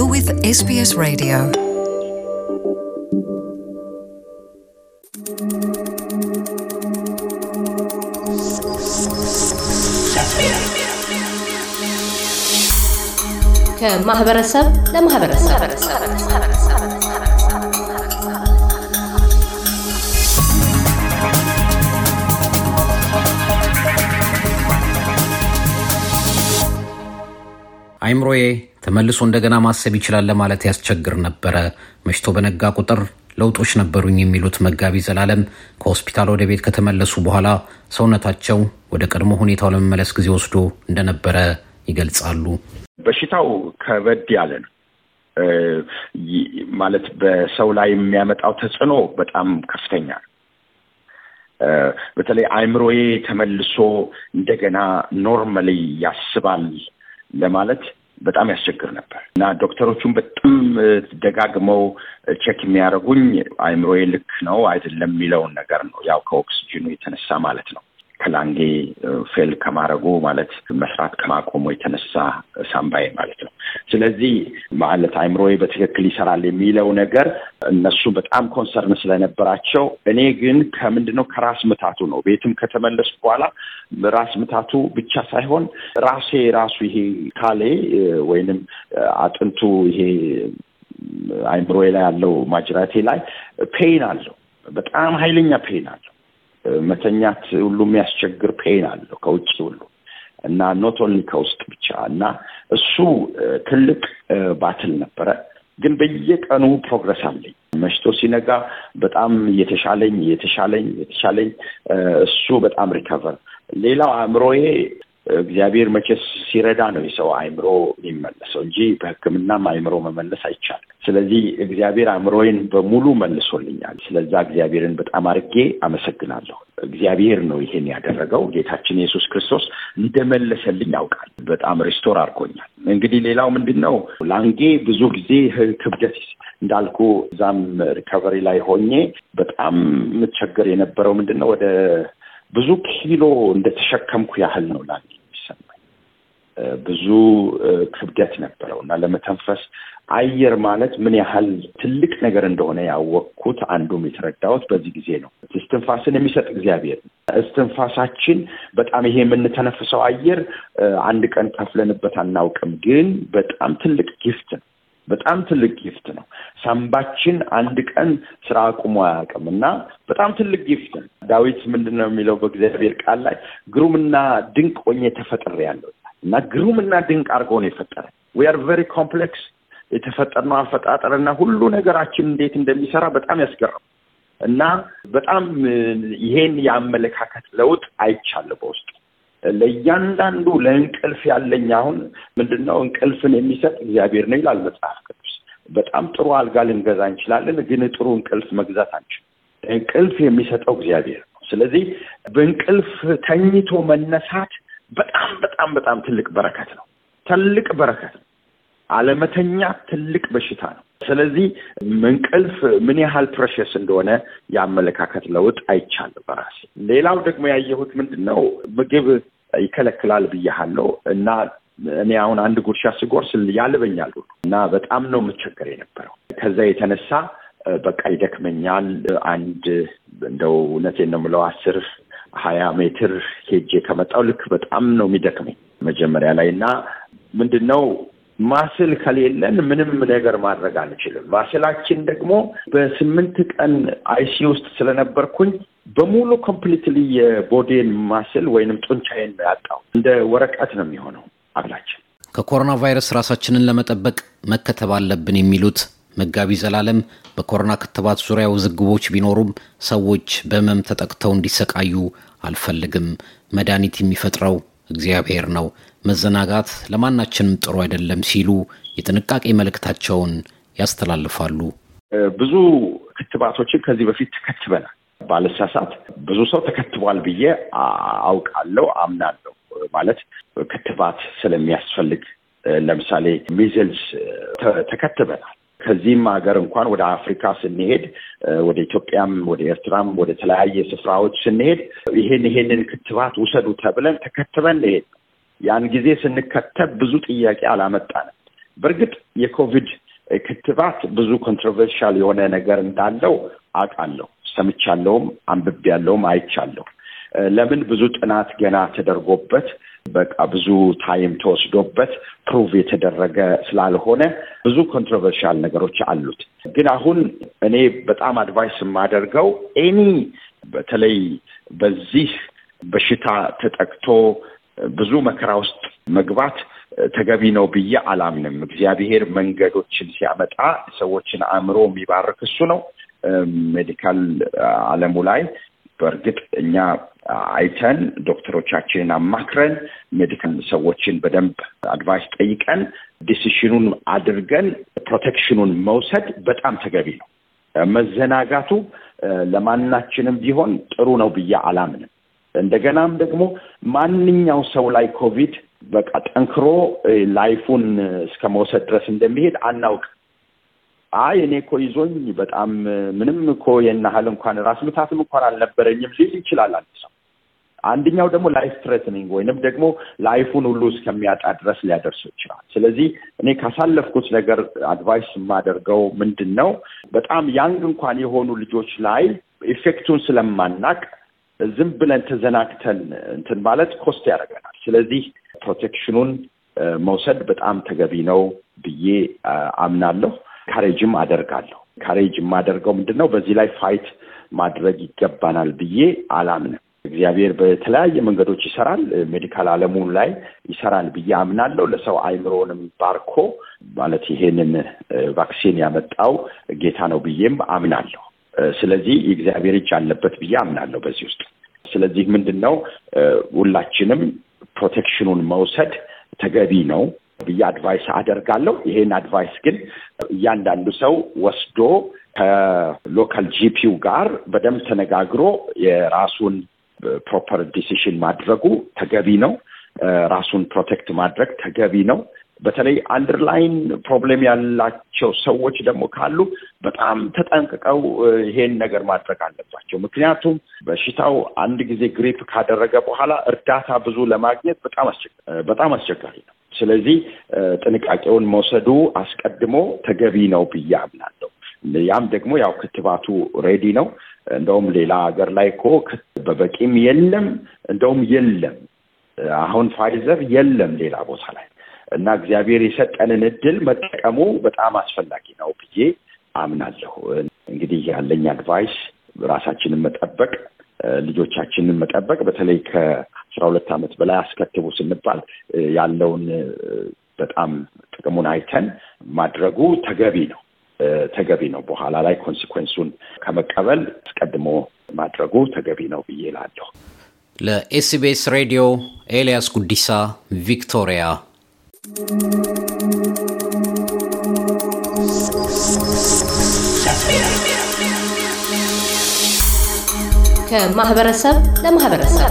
You're with SBS Radio. ከማህበረሰብ ለማህበረሰብ አይምሮዬ ተመልሶ እንደገና ማሰብ ይችላል ለማለት ያስቸግር ነበረ። መሽቶ በነጋ ቁጥር ለውጦች ነበሩኝ የሚሉት መጋቢ ዘላለም ከሆስፒታል ወደ ቤት ከተመለሱ በኋላ ሰውነታቸው ወደ ቀድሞ ሁኔታው ለመመለስ ጊዜ ወስዶ እንደነበረ ይገልጻሉ። በሽታው ከበድ ያለ ነው ማለት በሰው ላይ የሚያመጣው ተጽዕኖ በጣም ከፍተኛ ነው። በተለይ አእምሮዬ ተመልሶ እንደገና ኖርማሊ ያስባል ለማለት በጣም ያስቸግር ነበር እና ዶክተሮቹም በጣም ደጋግመው ቼክ የሚያደርጉኝ አይምሮዬ ልክ ነው አይደለም የሚለውን ነገር ነው። ያው ከኦክስጅኑ የተነሳ ማለት ነው። ከላንጌ ፌል ከማድረጉ ማለት መስራት ከማቆሙ የተነሳ ሳምባዬ ማለት ነው። ስለዚህ ማለት አይምሮዬ በትክክል ይሰራል የሚለው ነገር እነሱ በጣም ኮንሰርን ስለነበራቸው፣ እኔ ግን ከምንድነው ከራስ ምታቱ ነው። ቤትም ከተመለስ በኋላ ራስ ምታቱ ብቻ ሳይሆን ራሴ ራሱ ይሄ ካሌ ወይንም አጥንቱ ይሄ አይምሮዬ ላይ ያለው ማጅራቴ ላይ ፔን አለው። በጣም ኃይለኛ ፔን አለው። መተኛት ሁሉ የሚያስቸግር ፔን አለው ከውጭ ሁሉ እና ኖት ኦንሊ ከውስጥ ብቻ እና እሱ ትልቅ ባትል ነበረ። ግን በየቀኑ ፕሮግረስ አለኝ። መሽቶ ሲነጋ በጣም እየተሻለኝ እየተሻለኝ የተሻለኝ እሱ በጣም ሪከቨር ሌላው አእምሮዬ እግዚአብሔር መቼስ ሲረዳ ነው የሰው አእምሮ የሚመለሰው እንጂ በሕክምናም አእምሮ መመለስ አይቻልም። ስለዚህ እግዚአብሔር አእምሮዬን በሙሉ መልሶልኛል። ስለዛ እግዚአብሔርን በጣም አድርጌ አመሰግናለሁ። እግዚአብሔር ነው ይሄን ያደረገው። ጌታችን ኢየሱስ ክርስቶስ እንደመለሰልኝ ያውቃል። በጣም ሪስቶር አድርጎኛል። እንግዲህ ሌላው ምንድን ነው ላንጌ ብዙ ጊዜ ክብደት እንዳልኩ እዛም ሪከቨሪ ላይ ሆኜ በጣም የምቸገር የነበረው ምንድን ነው ወደ ብዙ ኪሎ እንደተሸከምኩ ያህል ነው ላንጌ ብዙ ክብደት ነበረው እና ለመተንፈስ አየር ማለት ምን ያህል ትልቅ ነገር እንደሆነ ያወቅኩት አንዱም የተረዳሁት በዚህ ጊዜ ነው። እስትንፋስን የሚሰጥ እግዚአብሔር እስትንፋሳችን በጣም ይሄ የምንተነፍሰው አየር አንድ ቀን ከፍለንበት አናውቅም፣ ግን በጣም ትልቅ ጊፍት ነው። በጣም ትልቅ ጊፍት ነው። ሳምባችን አንድ ቀን ስራ አቁሞ አያውቅም እና በጣም ትልቅ ጊፍት ነው። ዳዊት ምንድን ነው የሚለው በእግዚአብሔር ቃል ላይ ግሩምና ድንቅ ሆኜ ያለው እና ግሩምና ድንቅ አድርጎ ነው የፈጠረ። ዊ አር ቨሪ ኮምፕሌክስ የተፈጠርነው አፈጣጠር እና ሁሉ ነገራችን እንዴት እንደሚሰራ በጣም ያስገርም እና በጣም ይሄን የአመለካከት ለውጥ አይቻለሁ በውስጡ ለእያንዳንዱ ለእንቅልፍ ያለኝ አሁን ምንድነው እንቅልፍን የሚሰጥ እግዚአብሔር ነው ይላል መጽሐፍ ቅዱስ። በጣም ጥሩ አልጋ ልንገዛ እንችላለን፣ ግን ጥሩ እንቅልፍ መግዛት አንችል እንቅልፍ የሚሰጠው እግዚአብሔር ነው። ስለዚህ በእንቅልፍ ተኝቶ መነሳት በጣም በጣም በጣም ትልቅ በረከት ነው። ትልቅ በረከት ነው። አለመተኛ ትልቅ በሽታ ነው። ስለዚህ እንቅልፍ ምን ያህል ፕሬሸስ እንደሆነ የአመለካከት ለውጥ አይቻልም በራሴ። ሌላው ደግሞ ያየሁት ምንድን ነው ምግብ ይከለክላል ብያሃለው እና እኔ አሁን አንድ ጉርሻ ስጎርስ ያልበኛል ሁሉ እና በጣም ነው የምቸገር የነበረው። ከዛ የተነሳ በቃ ይደክመኛል። አንድ እንደው እውነቴን ነው የምለው አስር ሀያ ሜትር ሄጄ ከመጣው ልክ በጣም ነው የሚደክመኝ መጀመሪያ ላይ እና ምንድን ነው ማስል ከሌለን ምንም ነገር ማድረግ አንችልም። ማስላችን ደግሞ በስምንት ቀን አይሲ ውስጥ ስለነበርኩኝ በሙሉ ኮምፕሊትሊ የቦዴን ማስል ወይንም ጡንቻዬን ያጣው እንደ ወረቀት ነው የሚሆነው አላችን ከኮሮና ቫይረስ ራሳችንን ለመጠበቅ መከተብ አለብን የሚሉት መጋቢ ዘላለም በኮሮና ክትባት ዙሪያ ውዝግቦች ቢኖሩም ሰዎች በህመም ተጠቅተው እንዲሰቃዩ አልፈልግም። መድኃኒት የሚፈጥረው እግዚአብሔር ነው፣ መዘናጋት ለማናችንም ጥሩ አይደለም ሲሉ የጥንቃቄ መልእክታቸውን ያስተላልፋሉ። ብዙ ክትባቶችን ከዚህ በፊት ተከትበናል። ባለሳሳት ብዙ ሰው ተከትቧል ብዬ አውቃለሁ፣ አምናለሁ። ማለት ክትባት ስለሚያስፈልግ ለምሳሌ ሚዝልስ ተከትበናል ከዚህም ሀገር እንኳን ወደ አፍሪካ ስንሄድ ወደ ኢትዮጵያም ወደ ኤርትራም ወደ ተለያየ ስፍራዎች ስንሄድ ይሄን ይሄንን ክትባት ውሰዱ ተብለን ተከትበን ሄድ ያን ጊዜ ስንከተብ ብዙ ጥያቄ አላመጣንም። በእርግጥ የኮቪድ ክትባት ብዙ ኮንትሮቨርሻል የሆነ ነገር እንዳለው አውቃለሁ፣ ሰምቻለሁም፣ አንብቤያለሁም አይቻለሁ። ለምን ብዙ ጥናት ገና ተደርጎበት በቃ ብዙ ታይም ተወስዶበት ፕሩቭ የተደረገ ስላልሆነ ብዙ ኮንትሮቨርሻል ነገሮች አሉት። ግን አሁን እኔ በጣም አድቫይስ የማደርገው ኤኒ በተለይ በዚህ በሽታ ተጠቅቶ ብዙ መከራ ውስጥ መግባት ተገቢ ነው ብዬ አላምንም። እግዚአብሔር መንገዶችን ሲያመጣ ሰዎችን አእምሮ የሚባርክ እሱ ነው። ሜዲካል አለሙ ላይ በእርግጥ እኛ አይተን ዶክተሮቻችንን አማክረን ሜዲካል ሰዎችን በደንብ አድቫይስ ጠይቀን ዲሲሽኑን አድርገን ፕሮቴክሽኑን መውሰድ በጣም ተገቢ ነው። መዘናጋቱ ለማናችንም ቢሆን ጥሩ ነው ብዬ አላምንም። እንደገናም ደግሞ ማንኛው ሰው ላይ ኮቪድ በቃ ጠንክሮ ላይፉን እስከ መውሰድ ድረስ እንደሚሄድ አናውቅ። አይ እኔ እኮ ይዞኝ በጣም ምንም እኮ የናህል እንኳን ራስ ምታትም እንኳን አልነበረኝም ሊል ይችላል አንድ ሰው። አንደኛው ደግሞ ላይፍ ትሬትኒንግ ወይንም ደግሞ ላይፉን ሁሉ እስከሚያጣ ድረስ ሊያደርሱ ይችላል። ስለዚህ እኔ ካሳለፍኩት ነገር አድቫይስ የማደርገው ምንድን ነው፣ በጣም ያንግ እንኳን የሆኑ ልጆች ላይ ኢፌክቱን ስለማናቅ ዝም ብለን ተዘናግተን እንትን ማለት ኮስት ያደርገናል። ስለዚህ ፕሮቴክሽኑን መውሰድ በጣም ተገቢ ነው ብዬ አምናለሁ። ካሬጅም አደርጋለሁ። ካሬጅ የማደርገው ምንድን ነው፣ በዚህ ላይ ፋይት ማድረግ ይገባናል ብዬ አላምንም። እግዚአብሔር በተለያየ መንገዶች ይሰራል። ሜዲካል አለሙን ላይ ይሰራል ብዬ አምናለሁ። ለሰው አይምሮንም ባርኮ ማለት ይሄንን ቫክሲን ያመጣው ጌታ ነው ብዬም አምናለሁ። ስለዚህ የእግዚአብሔር እጅ አለበት ብዬ አምናለሁ በዚህ ውስጥ። ስለዚህ ምንድን ነው ሁላችንም ፕሮቴክሽኑን መውሰድ ተገቢ ነው ብዬ አድቫይስ አደርጋለሁ። ይሄን አድቫይስ ግን እያንዳንዱ ሰው ወስዶ ከሎካል ጂፒው ጋር በደንብ ተነጋግሮ የራሱን ፕሮፐር ዲሲሽን ማድረጉ ተገቢ ነው። ራሱን ፕሮቴክት ማድረግ ተገቢ ነው። በተለይ አንደርላይን ፕሮብሌም ያላቸው ሰዎች ደግሞ ካሉ በጣም ተጠንቅቀው ይሄን ነገር ማድረግ አለባቸው። ምክንያቱም በሽታው አንድ ጊዜ ግሪፕ ካደረገ በኋላ እርዳታ ብዙ ለማግኘት በጣም አስቸጋሪ ነው። ስለዚህ ጥንቃቄውን መውሰዱ አስቀድሞ ተገቢ ነው ብዬ አምናለሁ። ያም ደግሞ ያው ክትባቱ ሬዲ ነው። እንደውም ሌላ ሀገር ላይ እኮ በበቂም የለም እንደውም የለም አሁን ፋይዘር የለም ሌላ ቦታ ላይ እና እግዚአብሔር የሰጠንን እድል መጠቀሙ በጣም አስፈላጊ ነው ብዬ አምናለሁ። እንግዲህ ያለኝ አድቫይስ ራሳችንን መጠበቅ፣ ልጆቻችንን መጠበቅ በተለይ ከአስራ ሁለት ዓመት በላይ አስከትቡ ስንባል ያለውን በጣም ጥቅሙን አይተን ማድረጉ ተገቢ ነው። ተገቢ ነው። በኋላ ላይ ኮንሲኮንሱን ከመቀበል አስቀድሞ ማድረጉ ተገቢ ነው ብዬ ላለሁ። ለኤስቢኤስ ሬዲዮ ኤልያስ ጉዲሳ ቪክቶሪያ። ከማህበረሰብ ለማህበረሰብ